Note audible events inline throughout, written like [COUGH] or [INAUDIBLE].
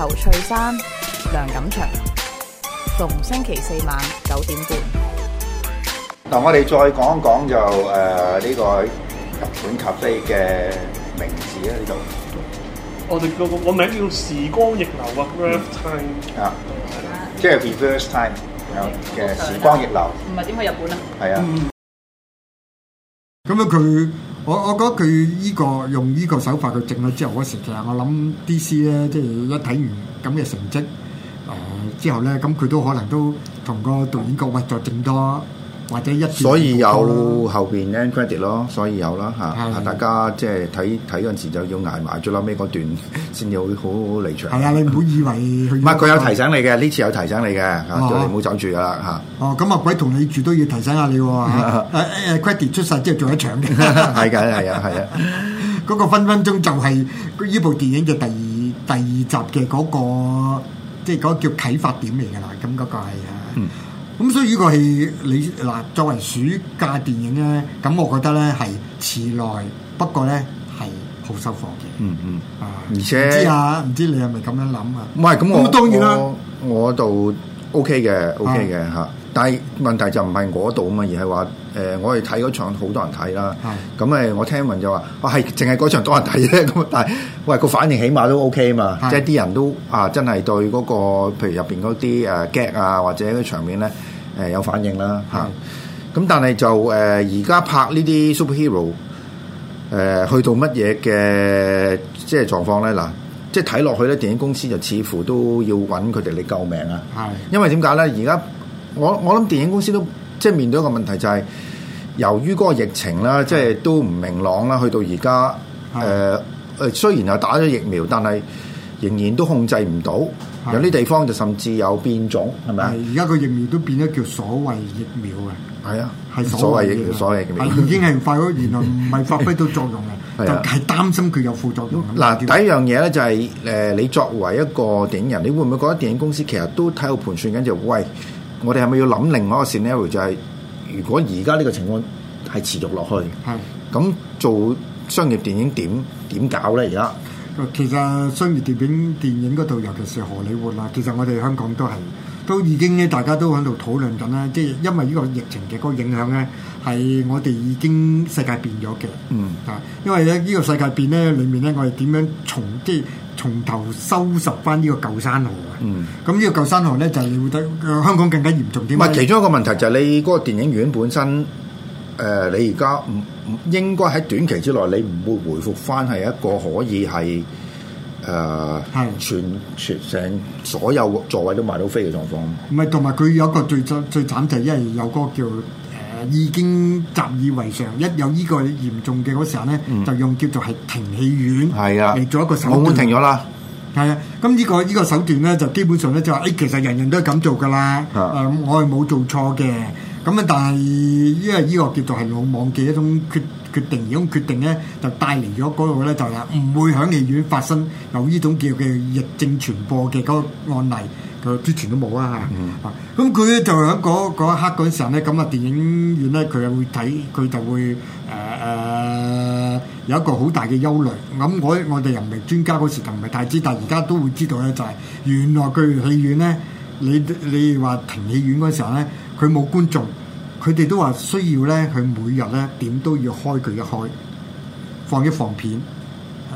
侯翠珊、梁錦祥，逢星期四晚九點半。嗱，我哋再講一講就誒呢個日本咖啡嘅名字咧，呢度。我哋個個名叫時光逆流啊，reverse time 啊，即係 reverse time 嘅時光逆流。唔係點去日本啊？係啊。咁啊，佢。我我覺得佢依、這個用呢個手法去整咗之後時，其實我成日我諗 D C 咧，即係一睇完咁嘅成績誒、呃，之後咧，咁佢都可能都同個導演講，喂，再整多。或者一所以有後邊咧 credit 咯，所以有啦嚇。大家即係睇睇嗰陣時就要捱埋最撚尾嗰段，先至好好離場。係啊，你唔好以為佢唔係佢有提醒你嘅，呢次有提醒你嘅，叫你唔好走住㗎啦嚇。哦，咁啊鬼同你住都要提醒下你喎。誒誒 credit 出曬之後再一場嘅，係㗎，係啊，係啊，嗰個分分鐘就係呢部電影嘅第二第二集嘅嗰個，即係嗰個叫啟發點嚟㗎啦。咁嗰個係啊。咁、啊、所以呢個係你嗱作為暑假電影咧，咁我覺得咧係遲耐，不過咧係好收貨嘅、嗯。嗯嗯、啊，而且知啊，唔知你係咪咁樣諗啊？唔係咁，我當然啦，我度 OK 嘅，OK 嘅嚇。但係問題就唔係我度啊嘛，而係話誒，我哋睇嗰場好多人睇啦。咁、啊、誒，mm. 我聽聞就話，我係淨係嗰場多人睇啫。咁、啊、但係，喂，個反應起碼都 OK 啊嘛，即係啲人都啊真係對嗰個，譬如入邊嗰啲誒劇啊，或者個場面咧。誒、呃、有反應啦嚇，咁、啊、但係就誒而家拍呢啲 superhero 誒、呃、去到乜嘢嘅即係狀況咧嗱、呃，即係睇落去咧，電影公司就似乎都要揾佢哋嚟救命啊！係，因為點解咧？而家我我諗電影公司都即係面對一個問題就係、是，由於嗰個疫情啦，即係都唔明朗啦，去到而家誒誒，雖然係打咗疫苗，但係仍然都控制唔到。有啲地方就甚至有變種，係咪啊？而家個疫苗都變咗叫所謂疫苗嘅，係啊，係所謂疫苗，所謂疫苗係已經係發威，原來唔係發揮到作用嘅，就係擔心佢有副作用。嗱，第一樣嘢咧就係誒，你作為一個電影人，你會唔會覺得電影公司其實都喺度盤算緊？就喂，我哋係咪要諗另外一個 scenario？就係如果而家呢個情況係持續落去，係咁做商業電影點點搞咧？而家？其實商業電影、電影嗰度，尤其是荷里活啦，其實我哋香港都係都已經咧，大家都喺度討論緊啦。即係因為呢個疫情嘅嗰個影響咧，係我哋已經世界變咗嘅。嗯啊，因為咧呢個世界變咧，裡面咧我哋點樣從即係從頭收拾翻呢個舊山河。嗯，咁呢個舊山河咧就會、是、得香港更加嚴重啲。其中一個問題就係你嗰個電影院本身。誒、呃，你而家唔唔應該喺短期之內，你唔會回復翻係一個可以係誒、呃、的全全成所有座位都賣到飛嘅狀況。唔係，同埋佢有一個最最最慘就係、是，因為有嗰個叫誒、呃、已經習以為常，一有呢個嚴重嘅嗰時候咧，嗯、就用叫做係停戲院的，係啊，嚟做一個手段停咗啦。係、嗯、啊，咁、嗯、呢、這個呢、這個手段咧，就基本上咧就話、是，誒、哎、其實人人，人都係咁做㗎啦、呃呃，我係冇做錯嘅。 [LAUGHS] 咁啊！但係因為依個叫做係魯莽嘅一種決決定，依種決定咧就帶嚟咗嗰個咧就係、是、唔會喺戲院發生由依種叫嘅疫症傳播嘅嗰個案例，佢之前都冇啊嚇。咁佢、嗯嗯、就喺嗰一刻嗰陣時候咧，咁啊電影院咧佢又會睇佢就會誒誒、呃、有一個好大嘅憂慮。咁、嗯、我我哋人民專家嗰時就唔係太知，但係而家都會知道咧、就是，就係原來佢戲院咧，你你話停戲院嗰陣時候咧。佢冇觀眾，佢哋都話需要咧，佢每日咧點都要開佢一開，放一放片，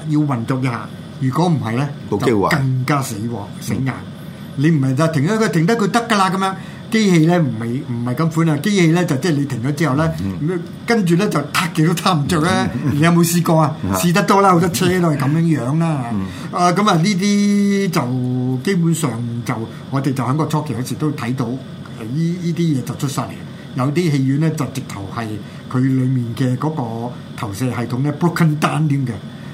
要運作一下。如果唔係咧，更加死亡死硬。Mm. 你唔係就停咗佢，停得佢得噶啦咁樣。機器咧唔係唔係咁款啊！機器咧就即、是、係你停咗之後咧，咁樣跟住咧就撻極都撻唔着咧。 [LAUGHS] 咪咪嗯、你有冇試過啊？試得多啦，好多車都係咁樣樣啦。啊咁啊，呢啲、uh, 就基本上就我哋就喺個初期嗰時都睇到。呢呢啲嘢就出晒嚟，有啲戲院咧就直頭係佢裡面嘅嗰個投射系統咧 broken down 添嘅，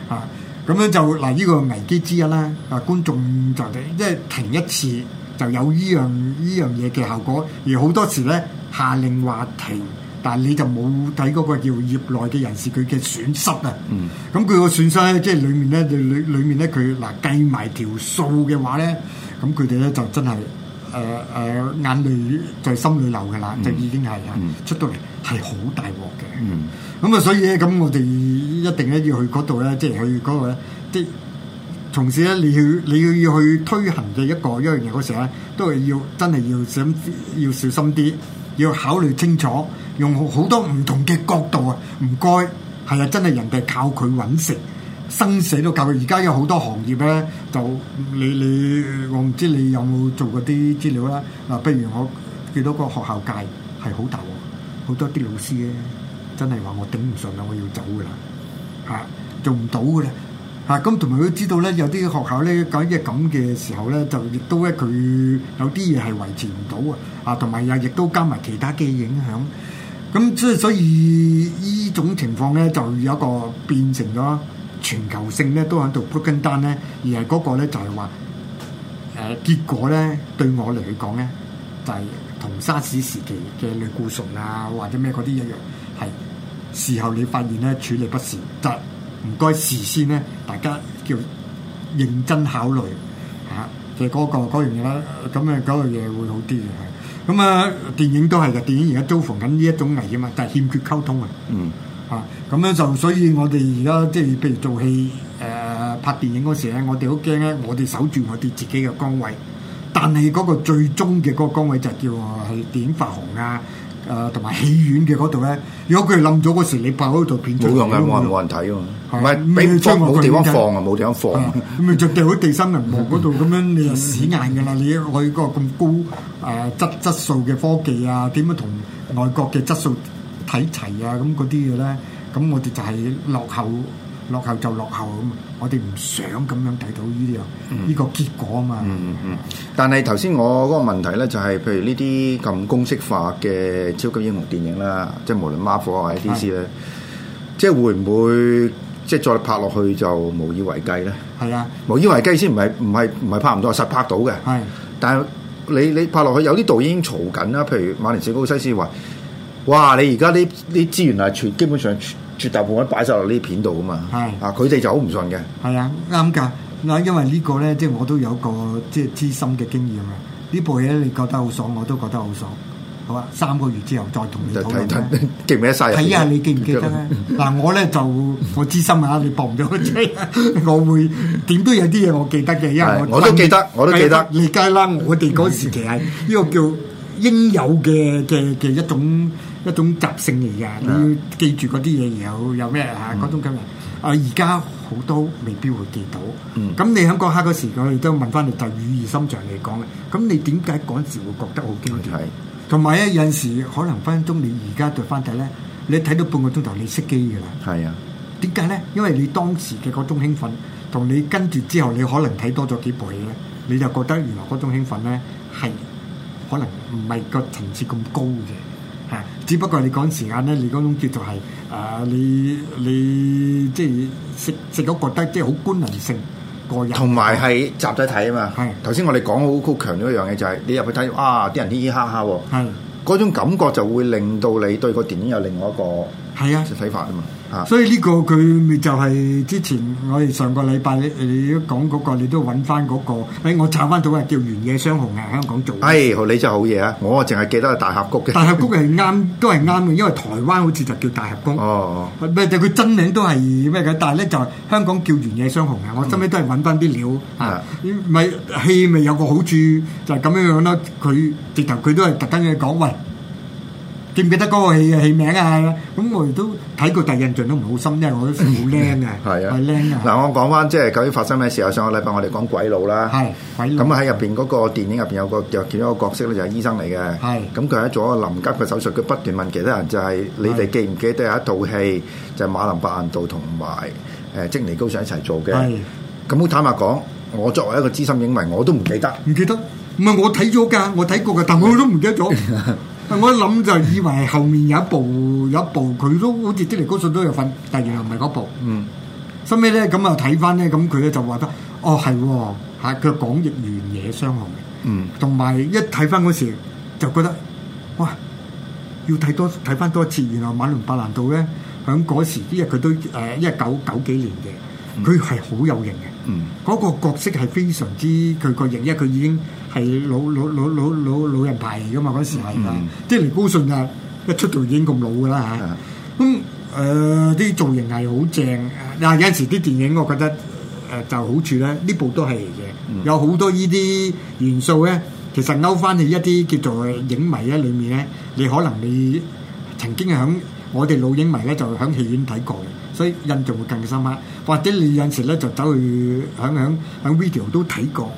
啊咁咧就嗱呢、啊呢個危機之一啦，啊觀眾就即係停一次就有呢樣呢樣嘢嘅效果，而好多時咧下令話停，但係你就冇睇嗰個叫業內嘅人士佢嘅損失,、嗯損失就是、啊，嗯，咁佢個損失咧即係裡面咧裏裏面咧佢嗱計埋條數嘅話咧，咁佢哋咧就真係。誒誒、呃，眼淚在心裏流嘅啦，嗯、就已經係啊，嗯、出到嚟係好大鑊嘅。咁啊，嗯、所以咧，咁我哋一定咧要去嗰度咧，即係去嗰、嗰度咧。啲同事咧，你要你要要去推行嘅一個一樣嘢嗰時咧，都係要真係要想要小心啲，要考慮清楚，用好多唔同嘅角度啊。唔該，係啊，真係人哋靠佢搵食。生死都教夠，而家有好多行業咧，就你你我唔知你有冇做過啲資料啦。嗱、啊，譬如我見到個學校界係好大喎，好多啲老師咧真係話我頂唔順啦，我要走㗎啦，嚇、啊、做唔到㗎啦，嚇，咁同埋都知道咧，有啲學校咧究竟係咁嘅時候咧，就亦都咧佢有啲嘢係維持唔到啊，啊同埋又亦都加埋其他嘅影響，咁即係所以依種情況咧就有一個變成咗。全球性咧都喺度鋪緊單咧，而係嗰個咧就係話，誒、呃、結果咧對我嚟講咧，就係、是、同沙士時期嘅類固醇啊或者咩嗰啲一樣，係事後你發現咧處理不善，唔、就、該、是、事先咧大家叫認真考慮吓，就、啊、嗰、那個嗰樣嘢啦，咁啊嗰樣嘢會好啲嘅，咁啊電影都係嘅，電影而家遭逢緊呢一種危險啊，就係、是、欠缺溝通啊，嗯。咁咧 Das ,一、哦、就，所以我哋而家即係譬如做戲誒、呃、拍電影嗰時咧，我哋好驚咧，我哋守住我哋自己嘅崗位，但係嗰個最終嘅嗰個崗位就叫係電影發行啊，誒同埋戲院嘅嗰度咧。如果佢哋冧咗嗰時，你拍嗰度片冇用噶，冇人冇人睇喎，唔係俾冇地方放啊，冇地方放啊，咪、 [LAUGHS] 嗯、 [LAUGHS] 就掉喺地心人墓嗰度咁樣，你就死硬噶啦！你去個咁高誒質質素嘅科技啊，點樣同外國嘅質素睇齊啊！咁嗰啲嘅咧，咁我哋就係落後，落後就落後咁。我哋唔想咁樣睇到呢啲啊，呢、嗯、個結果啊嘛。嗯嗯嗯。但係頭先我嗰個問題咧，就係、是、譬如呢啲咁公式化嘅超級英雄電影啦，即係無論 Marvel 啊或者 DC 咧，即係會唔會即係再拍落去就無以為繼咧？係啊，無以為繼先唔係唔係唔係拍唔到，實拍到嘅。係是的。但係你你拍落去有啲導演嘈緊啦，譬如馬田史高西斯話。哇！你而家呢啲資源啊，全基本上絕大部分擺晒落呢片度噶嘛？係啊是，佢哋就好唔順嘅。係啊，啱㗎。嗱，因為個呢個咧，即、就、係、是、我都有個即係資深嘅經驗啦。部呢部嘢你覺得好爽，我都覺得好爽。好啊，三個月之後再同你討論咧。記唔記得曬？睇下你記唔記得啦。嗱， [LAUGHS] 我咧就我資深啊，你博唔到我會點都有啲嘢我記得嘅，因為我，我都記得，我都記得。而家啦，我哋嗰時期係呢個叫應有嘅嘅嘅一種。一種習性嚟㗎，你要 Yeah. 記住嗰啲嘢，然後有有咩嚇嗰種嘅嘢。啊，而家好多未必會記到。咁、mm hmm. 你喺嗰刻嗰時，我亦都問翻你，就是、語義心象嚟講嘅。咁你點解嗰時會覺得好經典？同埋 Yes. 有陣、啊、時，可能分分鐘你而家對翻睇咧，你睇到半個鐘頭，你熄機㗎喇。係啊，點解咧？因為你當時嘅嗰種興奮，同你跟住之後，你可能睇多咗幾部戲咧，你就覺得原來嗰種興奮咧係可能唔係個層次咁高嘅。啊！只不過你嗰陣時間咧，你嗰種叫做係誒、呃，你你即係食食到覺得即係好觀賞性個人，同埋係集體睇啊嘛。係頭先我哋講好強調一樣嘢就係、係、你入去睇，啊，啲人嘻嘻哈哈喎，係嗰係種感覺就會令到你對個電影有另外一個係啊就睇法啊嘛。所以呢個佢咪就係之前我哋上個禮拜你講嗰、那個，你都揾翻嗰個、哎。我找翻到啊，叫原野雙雄啊，香港做。好、哎，你真係好嘢啊！我淨係記得係大峽谷嘅。大峽谷係啱，都係啱嘅，因為台灣好似就叫大峽谷。哦哦。係，就佢真名都係咩嘅？但係咧就係香港叫原野雙雄嘅。嗯、我後尾都係揾翻啲料啊。唔係戲咪有個好處，就係、是、咁樣樣咯。佢直頭佢都係特登嘅講話。喂記唔記得嗰個戲嘅戲名啊？咁我亦都睇過，第一印象都唔係好深，因為我覺得好靚啊，係靚啊！嗱，我講翻即係究竟發生咩事啊？上個禮拜我哋講鬼佬啦，係鬼佬咁啊！喺入邊嗰個電影入邊有個又其中一個角色咧，就係醫生嚟嘅，係，咁佢喺做個臨急嘅手術，佢不斷問其他人就係你哋記唔記得有一套戲就係馬林白蘭度同埋誒積尼高遜一齊做嘅，咁好坦白講，我作為一個資深影迷，我都唔記得，唔記得，唔係我睇咗噶，我睇過噶，但係我都唔記得咗。 [LAUGHS] 我諗就以為係後面有一部有一部佢都好似《迪尼高速》都有份，但原來唔係嗰部。嗯，後尾咧，咁啊睇翻咧，咁佢咧就話得，哦係，嚇佢講《亦園野雙雄》。嗯，同埋一睇翻嗰時就覺得，哇！要睇多睇翻多一次，原來馬龍·白蘭度咧響嗰時啲嘢，佢都誒一九九幾年嘅。佢係好有型嘅，嗰、嗯、個角色係非常之佢個型，因為佢已經係老老老老老老人牌嚟噶嘛，嗰時係，即係、嗯、尼高遜啊，一出道已經咁老噶啦嚇，咁誒啲造型係好正，啊有陣時啲電影我覺得誒就好處咧，呢部都係嘅，有好多呢啲元素咧，其實勾翻起一啲叫做影迷咧，裏面咧你可能你曾經響我哋老影迷咧就響戲院睇過。所以印象會更深刻，或者你有時咧就走去響響響 video 都睇過，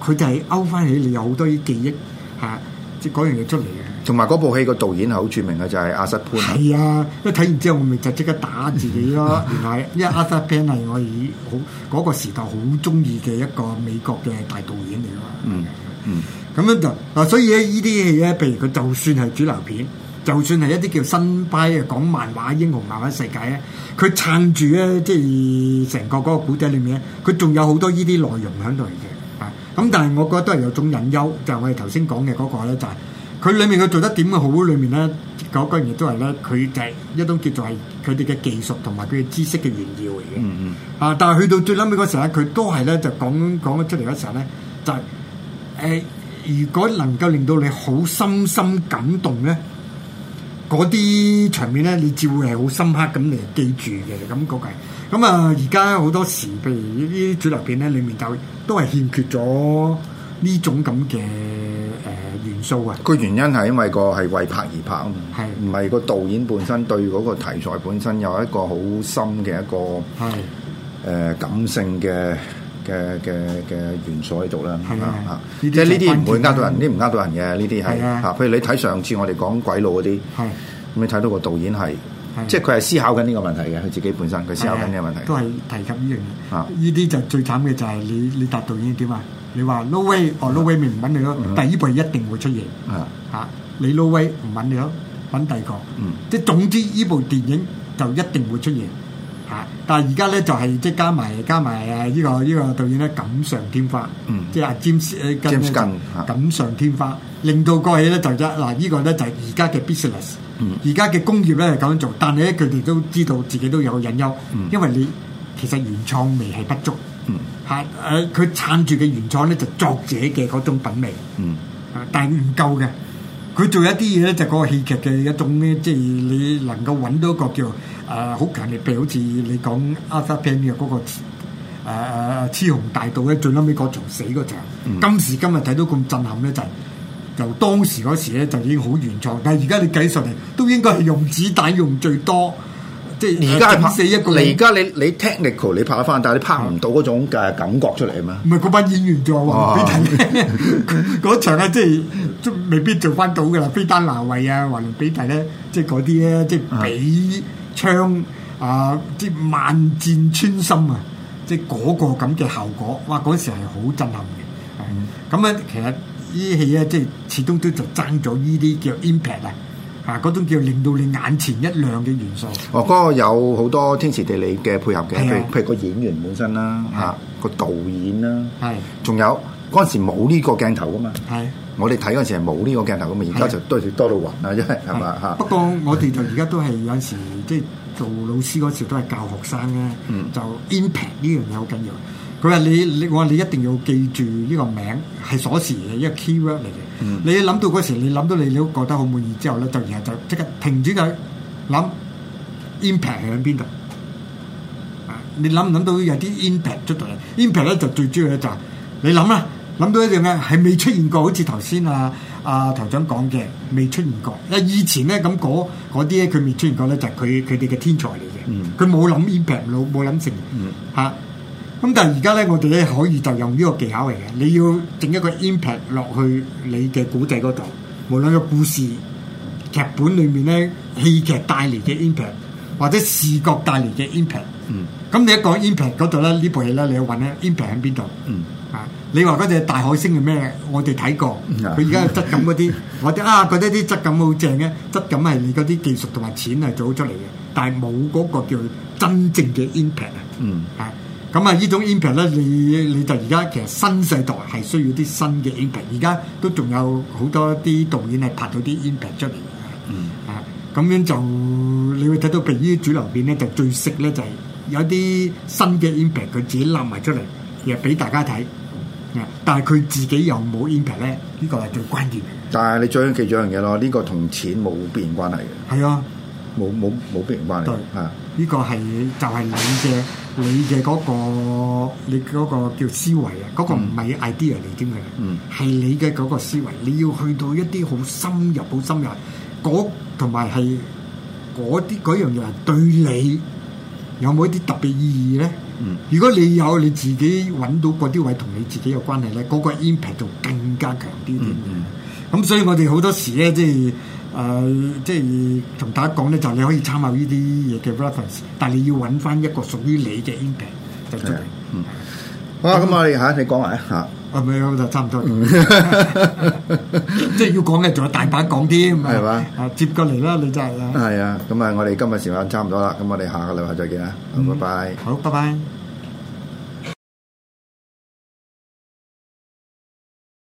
佢就係勾翻起你有好多啲記憶嚇，即係樣嘢出嚟嘅。同埋嗰部戲個導演係好著名嘅，就係、是、阿瑟潘。係啊，一睇完之後咪就即刻打自己咯，係， [LAUGHS] 因為阿瑟潘係我以好嗰個時代好中意嘅一個美國嘅大導演嚟㗎嘛、 [LAUGHS] 嗯。嗯嗯，咁樣就嗱，所以咧依啲戲咧，譬如佢就算係主流片。就算係一啲叫新派嘅講漫畫英雄漫畫世界咧，佢撐住咧，即係成個嗰個古仔裏面咧，佢仲有好多呢啲內容喺度嚟嘅，啊！咁但係我覺得都係有種隱憂，就係、是、我哋頭先講嘅嗰個咧，就係、是、佢裡面佢做得點嘅好，裏面咧嗰嗰樣嘢都係咧，佢嘅一種叫做係佢哋嘅技術同埋佢嘅知識嘅炫耀嚟嘅，嗯嗯啊！但係去到最撚尾嗰時候咧，佢都係咧就講講咗出嚟嗰時候咧，就係、是、誒、呃，如果能夠令到你好深深感動咧。嗰啲場面咧，你只會係好深刻咁嚟記住嘅，咁估計。咁啊，而家好多時，譬如呢啲主流片咧，裡面就都係欠缺咗呢種咁嘅誒元素啊。個原因係因為個係為拍而拍啊嘛，係唔係個導演本身對嗰個題材本身有一個好深嘅一個係誒的、呃、感性嘅。嘅嘅嘅元素喺度啦，啊，即係呢啲唔會呃到人，啲唔呃到人嘅呢啲係，啊，譬如你睇上次我哋講鬼佬嗰啲，咁你睇到個導演係，即係佢係思考緊呢個問題嘅，佢自己本身佢思考緊呢個問題，都係提及呢樣嘢，呢啲就最慘嘅就係你你答導演點啊？你話 no way，哦 no way，唔揾你咯，第二部一定會出現，嚇你 no way 唔揾你咯，揾第二個，即係總之呢部電影就一定會出現。嚇！但係而家咧就係即係加埋加埋誒呢個呢個導演咧錦上添花，即係阿 James James Gunn 錦上添花，令到過去咧就一嗱呢個咧就係而家嘅 business，而家嘅、嗯、工業咧係咁樣做，但係咧佢哋都知道自己都有隱憂，嗯、因為你其實原創味係不足嚇誒，佢、嗯、撐住嘅原創咧就作者嘅嗰種品味，嚇、嗯、但係唔夠嘅，佢做一啲嘢咧就係個戲劇嘅一種咧，即、就、係、是、你能夠揾到一個叫。誒好、呃、強烈譬如好似你講阿瑟潘嘅嗰個誒誒雌雄大盜咧，最尾嗰場死嗰場，今時今日睇到咁震撼咧，就由當時嗰時咧就已經好原創，但係而家你計上嚟都應該係用子彈用最多，即係而家拍四一個。而家 kes 你你，你，你 technical 你拍翻，但係你拍唔到嗰種嘅感覺出嚟啊嘛。唔係嗰班演員就話華倫比提咩嗰場咧，即係未必做翻到噶啦，菲丹娜慧啊，或華倫比提咧，即係嗰啲咧，即係比 S。op Apollo 槍啊！即萬箭穿心啊！即嗰個咁嘅效果，哇！嗰時係好震撼嘅。咁、嗯、咧、嗯，其實呢啲戲咧，即始終都就爭咗呢啲叫 impact 啊！啊，嗰種叫令到你眼前一亮嘅元素。哦，嗰、嗰個有好多天時地利嘅配合嘅，譬、啊、如譬如個演員本身啦，啊，啊個導演啦、啊，係仲、啊、有嗰時冇呢個鏡頭噶嘛。我哋睇嗰陣時係冇呢個鏡頭咁樣，而家就多住多到暈啦，因為嘛嚇。不過我哋就而家都係有陣時，即係做老師嗰時都係教學生咧、啊，嗯、就 impact 呢樣嘢好緊要。佢話你你，我話你一定要記住呢個名係鎖匙嘅，一個 keyword 嚟嘅。你諗到嗰時，你諗到你都覺得好滿意之後咧，就然後就即刻停止佢諗 impact 喺邊度。你諗唔諗到有啲 imp impact 出嚟？impact 咧就最主要就係、是，你諗啦。諗到一樣咧，係未出現過，好似頭先啊啊台長講嘅，未出現過。因為以前咧咁嗰啲咧，佢、那個、未出現過咧，就佢佢哋嘅天才嚟嘅，佢冇諗 impact 冇冇諗成嚇。咁、嗯啊、但係而家咧，我哋咧可以就用呢個技巧嚟嘅。你要整一個 impact 落去你嘅古仔嗰度，無論個故事劇本裏面咧，戲劇帶嚟嘅 impact，或者視覺帶嚟嘅 impact、嗯。咁、嗯、你一講 impact 嗰度咧，部呢部戲咧，你要揾咧 impact 喺邊度？嗯你話嗰隻大海星係咩？我哋睇過，佢而家質感嗰啲，我哋 [LAUGHS] 啊覺得啲質感好正嘅，質感係你嗰啲技術同埋錢係做出嚟嘅，但係冇嗰個叫真正嘅 impact 嗯，啊，咁啊，呢種 impact 咧，你你就而家其實新世代係需要啲新嘅 impact，而家都仲有好多啲導演係拍到啲 impact 出嚟嘅。嗯，啊，咁樣就你會睇到，譬如啲主流片咧，就最識咧就係有啲新嘅 impact，佢自己攬埋出嚟，又俾大家睇。但係佢自己又冇 income 咧，呢個係最關鍵嘅。但係你最緊要記住一樣嘢咯，呢個同錢冇必然關係嘅。係啊，冇冇冇必然關係。對，啊，呢個係就係你嘅，你嘅嗰個，你嗰個叫思維啊，嗰個唔係 idea 嚟添嘅，嗯，係你嘅嗰個思維，你要去到一啲好深入、好深入，嗰同埋係嗰啲嗰樣嘢，對你有冇一啲特別意義咧？嗯，如果你有你自己揾到嗰啲位同你自己有關係咧，嗰、嗰個 impact 就更加強啲啲。咁、嗯嗯嗯、所以我哋好多時咧，即係誒、呃，即係同大家講咧，就你可以參考呢啲嘢嘅 reference，但係你要揾翻一個屬於你嘅 impact 就足。嗯，嗯好，咁我哋吓、嗯、你講埋吓。啊咪就差唔多， [LAUGHS] 即係要講嘅仲有大把講啲，係嘛吧啊接過嚟啦，你就係啦，係啊，咁啊，我哋今日時間差唔多啦，咁我哋下個禮拜再見啦，咁拜拜，好，拜拜。